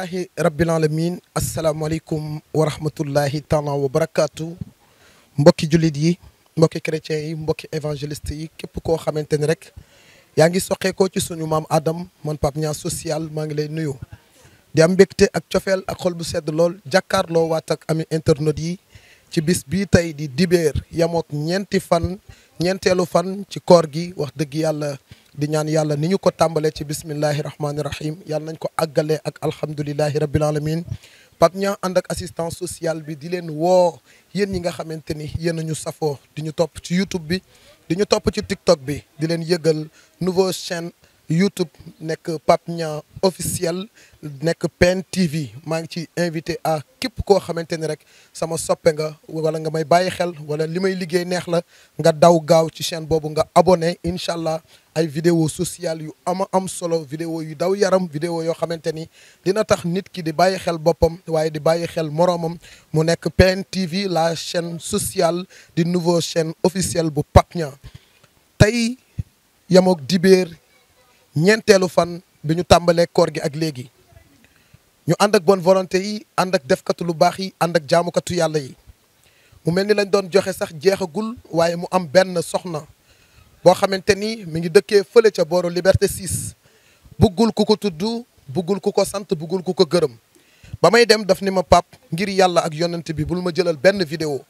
ahi rabbil alamin asalaamaaleykum wa rahmatullahi taala wa barakaatu mbokki jullit yi mbokki chrétiens yi mbokki évangéliste yi képp koo xamante ni rek yaa ngi soqeekoo ci suñu maam aadam man Pape Niang social maa ngi lay nuyu di am mbégte ak cofeel ak xol bu sedd lool jàkkaarloo waat ak ami internet yi ci bis bii tey di dibeer yamook ñeenti fan ñeenteelu fan ci koor gi wax dëgg yàlla di ñaan yàlla ni ñu ko tàmbalee ci bismillahi rahmaani rahim yàlla nañ ko àggalee ak alhamdulilahi rabbil alamin Pape Niang ànd ak assistance sociale bi di leen woo yéen ñi nga xamante ni yéen ñu safoo di ñu topp ci YouTube bi di ñu topp ci TikTok bi di leen yëgal nouveau chaîne YouTube n'est papnya officiel nek PEN TV Je invité à képp ko rek sama soppe nga wala nga may baye xel wala limay la nga chaîne nga abonné inshallah, ay vidéo sociale yu ama am solo vidéo yu daw yaram vidéo yo xamanteni dina tax nit ki di baye xel bopam di xel TV la chaîne sociale di nouveau chaîne officielle bu papnya. tay yamok diber. ñeenteelu fan bi ñu tàmbalee koor gi ak léegi ñu ànd ak bonne volonté yi ànd ak defkatu lu baax yi ànd ak jaamukatu yàlla yi mu mel ni lañ doon joxe sax jeexagul waaye mu am benn soxna boo xamante ni mi ngi dëkkee fële ca booru Liberté 6 buggul ku ko tudd buggul ku ko sant buggul ku ko gërëm ba may dem daf ni ma pap ngir yàlla ak yonent bi bul ma jëlal benn vidéo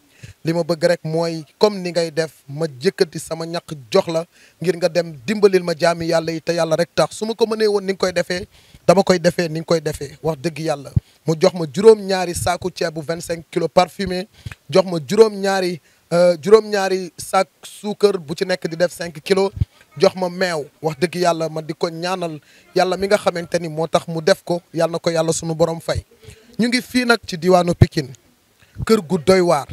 li ma bëgg rek mooy comme ni ngay def ma jëkkati sama ñaq jox la ngir nga dem dimbalil ma jaami yàlla yi te yàlla rek tax su ma ko mënee woon ni nga koy defee dama koy defee ni nga koy defee wax dëgg yàlla mu jox ma juróom-ñaari saaku ceeb bu 25 kilos parfumé jox ma juróom-ñaari euh, juróom-ñaari saak bu ci nekk di def 5 kilos jox ma meew wax dëgg yàlla ma di ko ñaanal yàlla mi nga xamante ni moo tax mu def ko yàlla na ko yàlla suñu borom fay ñu ngi fii nag ci diwaanu Pikine kër gu doy waar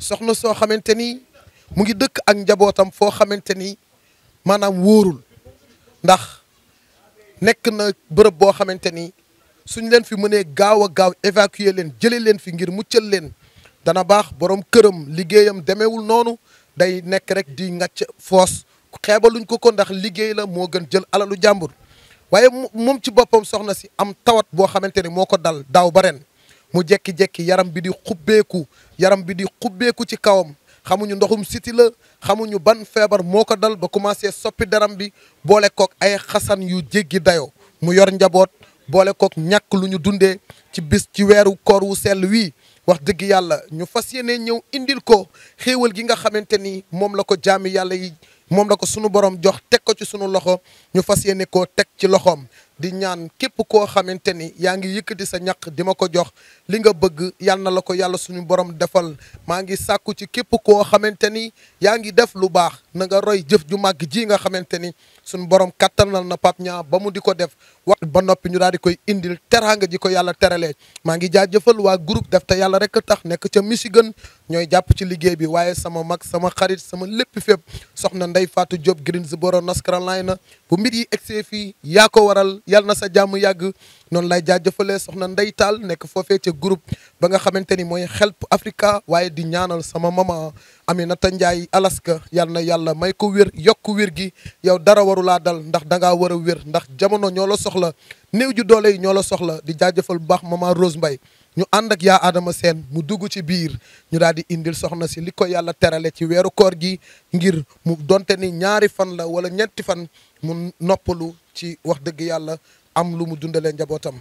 soxna soo xamante ni mu ngi dëkk ak njabootam foo xamante ni maanaam wóorul ndax nekk na bërëb boo xamante ni suñ leen fi mënee gaaw a gaaw évacuer leen jëlee leen fi ngir mu cël leen dana baax borom këram liggéeyam demewul noonu day nekk rek di ngàcc foos xeebaluñ ko ko ndax liggéey la moo gën jël alalu jàmbur waaye moom ci boppam soxna si am tawat boo xamante ni moo ko dal daaw ba mu jekki-jekki yaram bi di xubbeeku yaram bi di xubbeeku ci kawam xamuñu ndoxum siti xamuñu ban feebar moo ko dal ba commencé soppi daram bi boole kook ay xasan yu jéggi dayoo mu yor njaboot boole kook ñàkk lu ñu dundee ci bis ci weeru koor wu sell wii wax dëgg yàlla ñu fas yéene ñëw indil ko xéewal gi nga xamante ni moom la ko jaami yàlla yi moom la ko sunu borom jox teg ko ci sunu loxo ñu fas yéene ko teg ci loxoom di ñaan képp koo xamante ni yaa ngi yëkkati sa ñaq di ma ko jox li nga bëgg yàlla na la ko yàlla suñu borom defal maa ngi sàkku ci képp koo xamante ni yaa ngi def lu baax na nga roy jëf ju màgg ji nga xamante ni suñu borom kattanal na Pape Niang ba mu di ko def wax ba noppi ñu daal di koy indil teraanga ji ko yàlla teralee maa ngi jaajëfal waa group def te yàlla rek tax nekk ca Michigan ñooy jàpp ci liggéey bi waaye sama mag sama xarit sama lépp fépp soxna Ndey Fatou Diop Greensboro North Carolina bu mbir yi egsee fii yaa ko waral yàlla na sa jàmm yàgg noonu lay jaajëfalee soxna ndeytaal nekk foofee ca groupe ba nga xamante ni mooy xelp Africa waaye di ñaanal sama mama Aminata Ndiaye Alaska yal na yàlla may ko wér yokk wér gi yow dara warulaa dal ndax dangaa war a wér ndax jamono ñoo la soxla néew ju doole yi ñoo la soxla di jaajëfal bu baax mama Rose mbay ñu ànd ak yaa Adama seen mu dugg ci biir ñu daal di indil soxna si li ko yàlla terale ci weeru koor gi ngir mu donte ni ñaari fan la wala ñetti fan mu noppalu ci wax dëgg yàlla am lu mu dundalee njabootam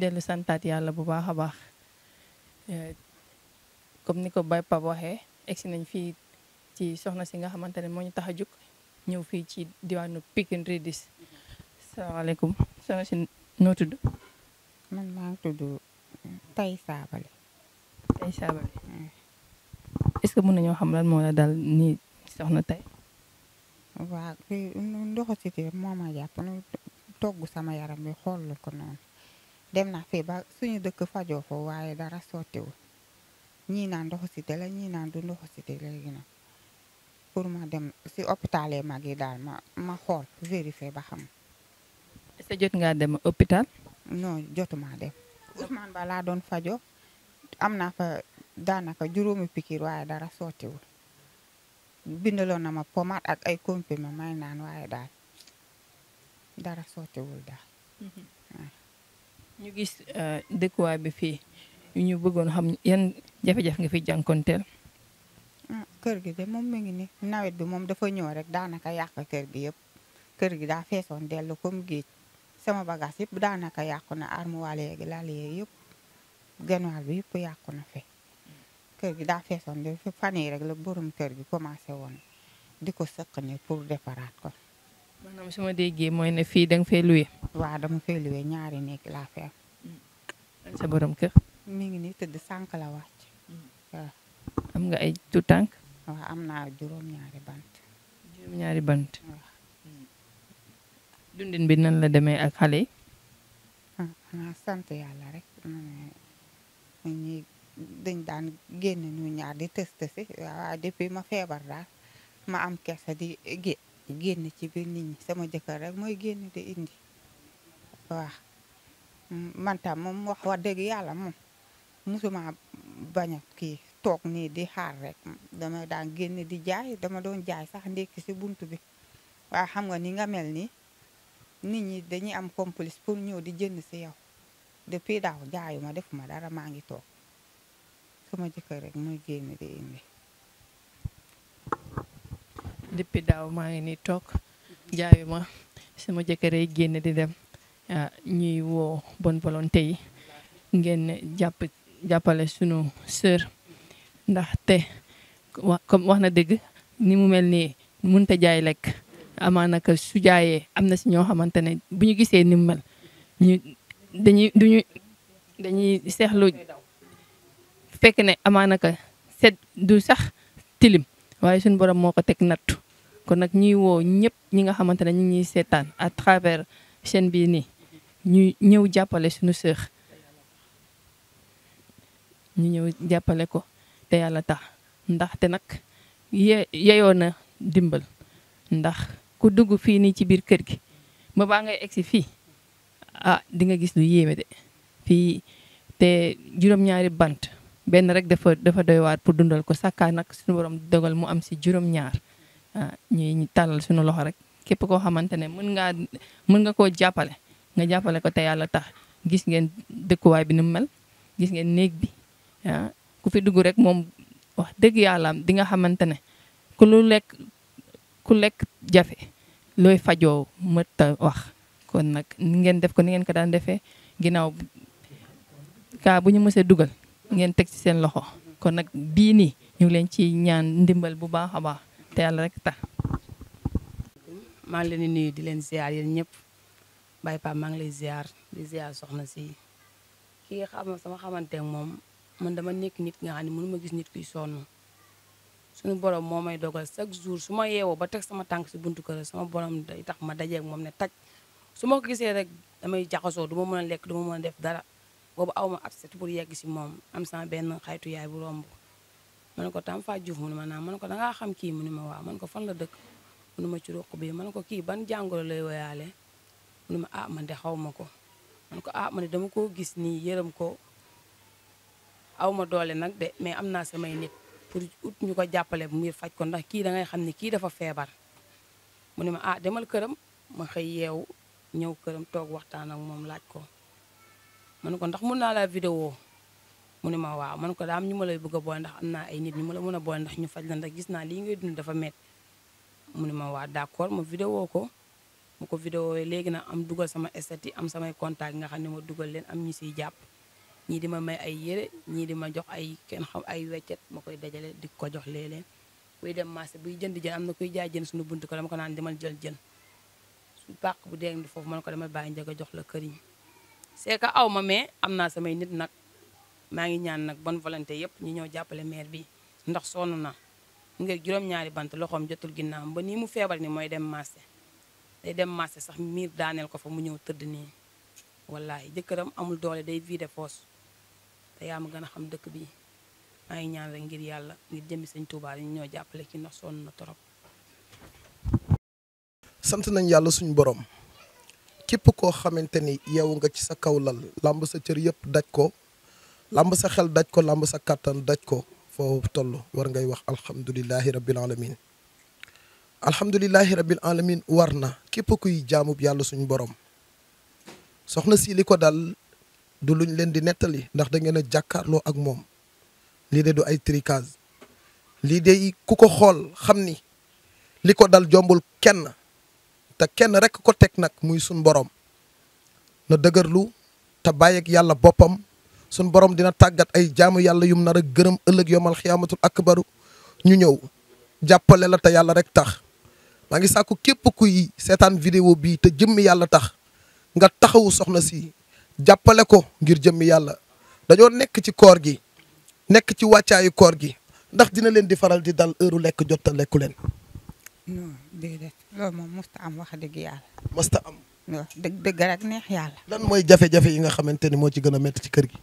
dellu santaat yàlla bu baax a baax eh, comme ni ko Baye Pape waxee egsi nañ fii ci soxna si nga xamante ne moo ñu tax a jóg ñëw fii ci diwaanu Pikine Ridis salaamaaleykum soxna si noo tudd. man maa tudd Tay Saabale. Tay Saabale mm. est-ce que mën nañoo xam lan moo dal nii soxna Tay. waaw ndoxu si moo ma nu togg sama yaram bi xool ko noonu. dem na fii ba suñu dëkk fajoo waaye dara sottiwul ñii naan ndoxu cité la ñii naan du ndoxu i léegi nag pour ma dem si hôpital yi mag yi daal ma xool vérifier ba xam. est ce que jot ngaa jotuma dem. Ousmane doon fajo am naa fa daanaka juróomi pikiir waaye dara sottiwul bindaloon na ma pommade ak ay comprimé may naan waaye daal dara sottiwul daal. Mhm. ñu gis euh, dëkkuwaay bi fii ñu bëggoon xam yan jafe-jafe nga fi jànkonteel. ah kër gi de moom mi ngi ni nawet bi moom dafa ñëw rek daanaka yàq kër gi yëpp kër gi daa feesoon dellu kom géej sama bagage yëpp daanaka yàqu na armoire yeegi lal yeegi yëpp gànnaar bi yëpp yàqu na fi. kër gi daa feesoon de fan yi rek la borom kër gi commencé woon di ko sëq ni pour defaraat ko. maanaam su ma déggee mooy ne fii dang nga fay luwe. waaw dama fay luwe ñaari nekk laa fay am. Mm. sa borom kër. mi ngi ni tëdd sànq la wàcc. Mm. am nga ay tout tànk. waaw am naa juróom-ñaari bant. juróom-ñaari bant. Mm. dundin bi nan la demee ak xale yi. ah sant yàlla rek ñuy dañ daan génne ñu ñaar di test si waaw depuis ma feebar daal ma am kersa di génn. génn ci biir nit ñi sama jëkkër rek mooy génn di indi waaw man tam moom wax wax dëgg yàlla moom musuma bañ a kii toog nii di xaar rek dama daan génn di jaay dama doon jaay sax ndekki si buntu bi waaw xam nga ni nga mel ni nit ñi dañuy am complice pour ñëw di jënd si yow depuis daaw jaayuma defuma dara maa ngi toog sama jëkkër rek mooy génn di indi depuis daaw maa ngi nii toog jaayu ma sama jëkkër yi génn di dem ah, ñuy woo bonne volonté yi ngeen jàpp jàppale sunu sœur ndaxte wax comme wax na dëgg ni mu mel nii mënut jaay lekk amaana que su jaayee am na si ñoo xamante ne bu ñu gisee ni mu mel ñu dañuy dañuy seexlu fekk ne amaana que set du sax tilim waaye suñu borom moo ko teg nattu kon nag ñuy woo ñëpp ñi nga xamante ne ñu ngi ñuy seetaan à travers chaîne bii nii ñuy ñëw jàppale suñu sœur ñu ñëw jàppale ko te yàlla tax ndaxte nag ye yeyoo dimbal ndax ku dugg fii nii ci biir kër gi ba baa ngay egsi fii ah di nga gis lu yéeme de fii te juróom-ñaari bant benn rek dafa dafa doy waar pour dundal ko sakkaa nag suñu borom dogal mu am si juróom-ñaar ah, ñuy tàllal sunu loxo rek képp koo xamante ne mën ngaa mën nga koo jàppale nga jàppale ko te yàlla tax gis ngeen dëkkuwaay bi ni mu mel gis ngeen néeg bi ah, ku fi dugg rek moom wax dëgg yàlla di nga xamante ne ku lu lekk ku lekk jafe looy fajoo mët wax kon nag ni ngeen def ko ni ngeen ko daan defee ginnaaw kaa bu ñu mësee dugal ngeen teg ci seen loxo kon nag bii nii ñu leen ci ñaan ndimbal bu baax a baax te yàlla rek tax. maa ngi leen di nuyu di leen ziar yéen ñëpp bay Pape maa ngi lay ziar di ziar soxna si kii xam sama xamante moom man dama nekk nit nga xam ne mënu ma gis nit ki sonn sunu borom moo may dogal chaque jour su ma yeewoo ba teg sama tànk si buntu kër sama borom day tax ma dajeeg moom ne taj su ma ko gisee rek damay jaxasoo du ma mën a lekk duma ma a def dara. boobu aw ma abset pour yegg si moom am sama benn xaytu yaay bu romb ma ne ko tam fa juuf mu ne ma naa ma ko dangaa xam kii mu ne ma waaw man ko fan la dëkk mu ne ma ci bi ma ko kii ban jàngoro lay woyaale mu ma ah man de xaw ko ma ko ah man de dama koo gis nii yërëm ko aw ma doole nag de mais am naa samay nit pour ut ñu ko jàppale bu muy faj ko ndax kii da ngay xam ne kii dafa feebar mu ne ma ah demal këram ma xëy yeewu ñëw këram toog waxtaan ak moom laaj ko ma ko ndax mun naa laa vidéo mu ne ma waaw man ko daa am ñu ma lay bëgg a boole ndax am naa ay nit ñu ma mën a boole ndax ñu faj la ndax gis naa lii ngay dund dafa met mu ni ma waaw d'accord ma vidéo ko mu ko vidéo léegi nag am dugal sama estati am samay contact nga xam ne ma dugal leen am ñu siy jàpp ñii di ma may ay yére ñii di ma jox ay kenn xam ay weccet ma koy dajale di ko jox léeg kuy dem marché buy jënd jën am na kuy jaay jën suñu buntu ko dama ko naan demal jël jën su pàq bu dee foofu man ko demal bàyyi njëg jox la këriñ c'est que aw ma mais am naa samay nit nag maa ngi ñaan nag bonne volonté yëpp ñu ñëw jàppale maire bi ndax sonn na mu ngi juróom-ñaari bant loxoom jotul ginnaawam mba nii mu feebar ni mooy dem marché day dem marché sax miir daaneel ko fa mu ñëw tëdd nii wallahi jëkkëram amul doole day vidé foos te yaa ma gën a xam dëkk bi maa ngi ñaan rek ngir yàlla ngir jëmmi sëñ Tuubaa ñu ñoo jàppale ci ndox sonn na torop sant nañ yàlla suñu boroom képp koo xamante ni yow nga ci sa kaw lal làmb sa cër yëpp daj ko làmb sa xel daj ko làmb sa kàttan daj ko foo toll war ngay wax alhamdulilahi rabbil alamin alhamdulilahi rabbil alamin war na képp kuy jaamub yàlla suñu borom soxna si li ko dal du luñ leen di nettali ndax da ngeen a jàkkaarloo ak moom lii de du ay tricage lii de ku ko xool xam ni li ko dal jombul kenn te kenn rek ko teg nag muy suñ borom na dëgërlu te bàyyeek yàlla boppam suñ borom dina tàggat ay jaamu yàlla yum nar a gërëm ëllëg yomal xiyaamatul baru ñu ñëw jàppale la te yàlla rek tax maa ngi sàkku képp kuy seetaan vidéo bii te jëmmi yàlla tax nga taxawu soxna si jàppale ko ngir jëmmi yàlla dañoo nekk ci koor gi nekk ci wàccaayu koor gi ndax dina leen di faral di dal heure lekk jot a lekku leen No déedéet loolu moom Musta am wax dëgg yàlla. mosut am. waaw dëgg dëgg rek neex yàlla. lan mooy jafe-jafe yi nga xamante ni moo ci gën a métti ci kër gi.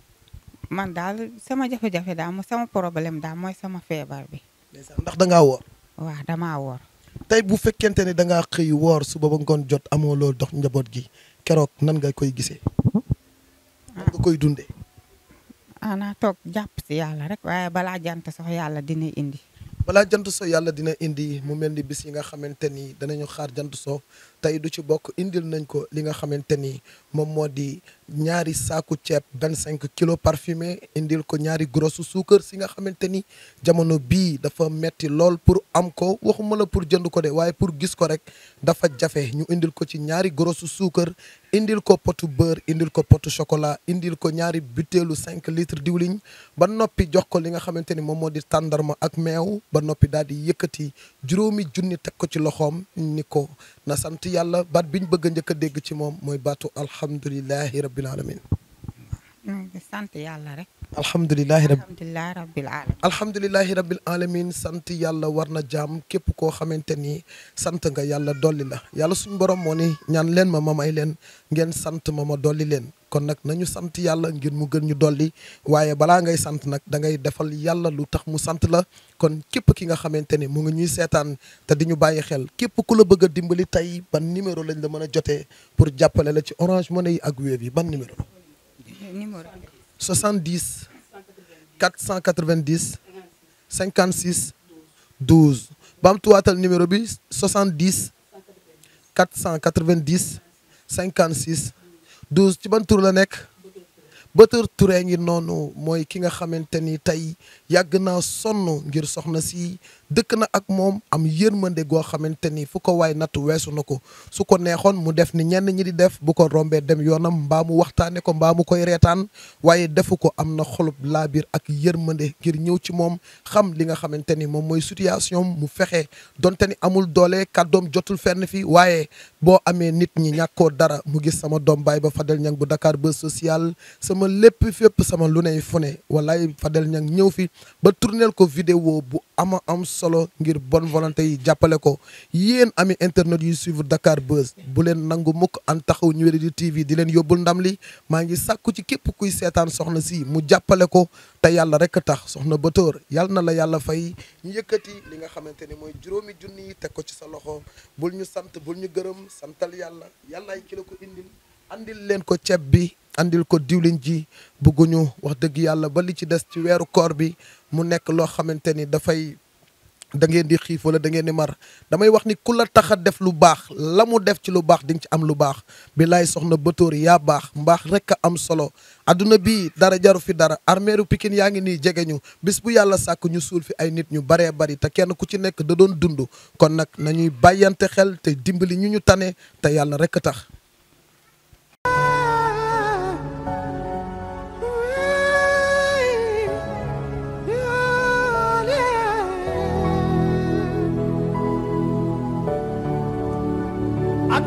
man daal sama jafe-jafe daal mooy sama problème daal mooy sama feebar bi. ndax da ngaa woor. waaw damaa woor. tey bu fekkente ni da ngaa xëy woor suba ba jot amoo loolu dox njaboot gi nan nga koy gisee. nan nga koy dundee. ana toog jàpp si yàlla rek waaye balaa jant sax yàlla dina indi. balaa jant so yàlla dina indi mu mel ni bis yi nga xamante ni danañu xaar jant soo tey du ci bokk indil nañ ko li nga xamante ni moom moo di ñaari saaku ceeb vingt cinq kilos parfumé indil ko ñaari grosse suukar si nga xamante ni jamono bii dafa metti lool pour am ko waxuma la pour jënd ko de waaye pour gis ko rek dafa jafe ñu indil ko ci ñaari grosse suukar indil ko potu beurre indil ko potu chocolat indil ko ñaari butéelu cinq litre diwliñ ba noppi jox ko li nga xamante ni moom moo di tàndarma ak meew ba noppi daal di yëkkati juróomi junni teg ko ci loxoom ni yàlla baat bi ñu bëgg a njëkk a dégg ci moom mooy baatu alhamdulilahi rabbil alamin di sant yàlla rek. alhamdulilahi rabbil alamin alhamdulilahi sant yàlla war na jaam képp koo xamante ni sant nga yàlla dolli la yàlla suñ borom moo ni ñaan leen ma ma may leen ngeen sant ma ma dolli leen. kon nag nañu sant yàlla ngir mu gën ñu dolli waaye balaa ngay sant nag da ngay defal yàlla lu tax mu sant la kon képp ki nga xamante ni mu ngi ñuy seetaan te di ñu bàyyi xel képp ku la bëgg a dimbali tey ban numéro lañ la mën a jotee pour jàppale la ci orange money yi ak wéeb yi ban numéro. numéro 70 490 56 12 bamtuwaatal numéro bi 70 490 56. douze ci ban tur la nekk Bator Touré ngi noonu mooy ki nga xamante ni tey yàgg naa sonn ngir soxna si dëkk na ak moom am yërmande goo xamante ni fu ko waay nattu weesu na ko su ko neexoon mu def ni ñenn ñi di def bu ko rombee dem yoonam mbaamu mu waxtaane ko mbaa mu koy reetaan waaye defu ko am na xolub laabir ak yërmande ngir ñëw ci moom xam li nga xamante ni moom mooy situation mu fexe donte ni amul doole kàddoom jotul fenn fii waaye boo amee nit ñi ñàkkoo dara mu gis sama doom baay ba Fadel Niang bu dakaar ba social sama lépp fépp sama lu fu ne walaay Fadel ñëw fi ko vidéo bu ama am solo ngir bon volonté yi jàppale ko yéen ami internet yuy suivre Dakar Buzz bu leen nangu mukk an taxaw ñu wéri di TV di leen yóbbul ndam li maa ngi sàkku ci képp kuy seetaan soxna si mu jàppale ko te yàlla rek tax soxna Bator yàlla na la yàlla fay ñu yëkkati li nga xamante ni mooy juróomi junni yi teg ko ci sa loxo bul ñu sant bul ñu gërëm santal yàlla yàllaay ki la ko indil andil len ko ceeb bi andil ko diwlin ji bëgguñu wax dëgg yàlla ba li ci des ci weeru koor bi mu nekk loo xamante ni dafay da ngeen di wala da ngeen di mar damay wax ni ku la def lu lamu def ci lu di ci am lu baax billaay soxna Batoor yaa baax rek am solo adduna bi dara jaru fi dara armeru pikin yaa ngi nii bis bu yàlla sàkk ñu suul fi ay nit ñu baree bari te kenn ku ci nekk da doon dund kon nag nañuy xel te dimbali ñu ñu tane te yàlla rek tax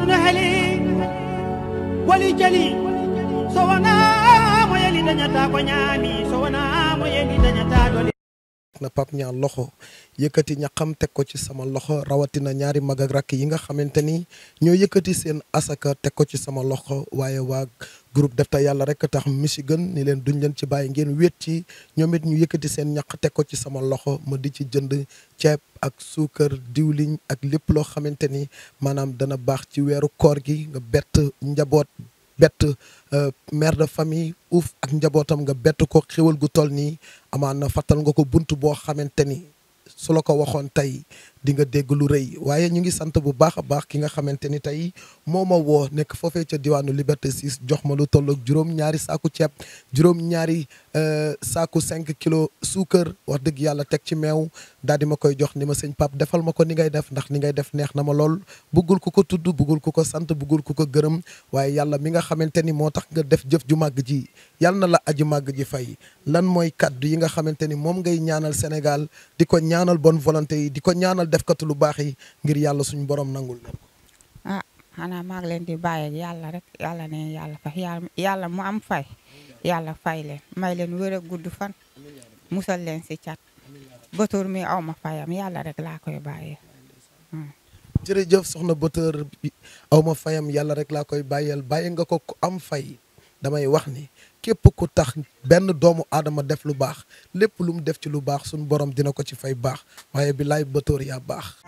nahali wali jali so wana moyeli yeli dañata so wana moyeli yeli dañata na Pape ñaar loxo yëkkati ñaqam teg ko ci sama loxo rawatina ñaari mag ak rakk yi nga xamante ni ñoo yëkkati seen asaka teg ko ci sama loxo waaye waa groupe def ta yàlla rek tax Michigan ni leen duñ leen ci bàyyi ngeen wéet ci ñoom it ñu yëkkati seen ñaq teg ko ci sama loxo ma di ci jënd ceeb ak suukar diwliñ ak lépp loo xamante ni maanaam dana baax ci weeru koor gi nga bett njaboot bett euh, mère de famille uuf ak njabootam nga bett ko xéwal gu toll nii amaan na fàttal nga ko bunt boo xamante ni su la ko waxoon tey di nga dégg lu rëy waaye ñu ngi sant bu baax a baax ki nga xamante ni tey moo ma woo nekk foofee ca diwaanu Liberté 6 jox ma lu toll ak ñaari saaku ñaari euh, saaku 5 kilo suker, wax dëgg yàlla teg ci meew daal di ma koy jox ni ma sëñ defal ma ni ngay def ndax ni ngay def neex na ma bugul buggul tudu, bugul tudd buggul bugul ko sant buggul ku ko gërëm waaye yàlla mi nga xamante nga def jëf ju màgg ji yàlla na la aji màgg ji fay lan mooy kaddu yi nga xamante ni moom ngay ñaanal Sénégal di ñaanal bonne volonté ñaanal defkatu lu baax yi ngir yàlla suñu borom nangul leen ko. ah xanaa maa ngi leen di bàyyi yàlla rek yàlla ne yàlla fay yàlla mu am fay yàlla fay leen may leen wér gudd fan musal leen si cat bëtër mi aw ma fayam yàlla rek laa koy bàyyee. Hmm. jërëjëf soxna yàlla rek laa koy bàyyeel bàyyi nga ko ku am fay damay wax ni képp ku tax benn doomu aadama def lu baax lépp lum def ci lu baax sunu borom dina ko ci fay baax waaye billaay batóor yaa baax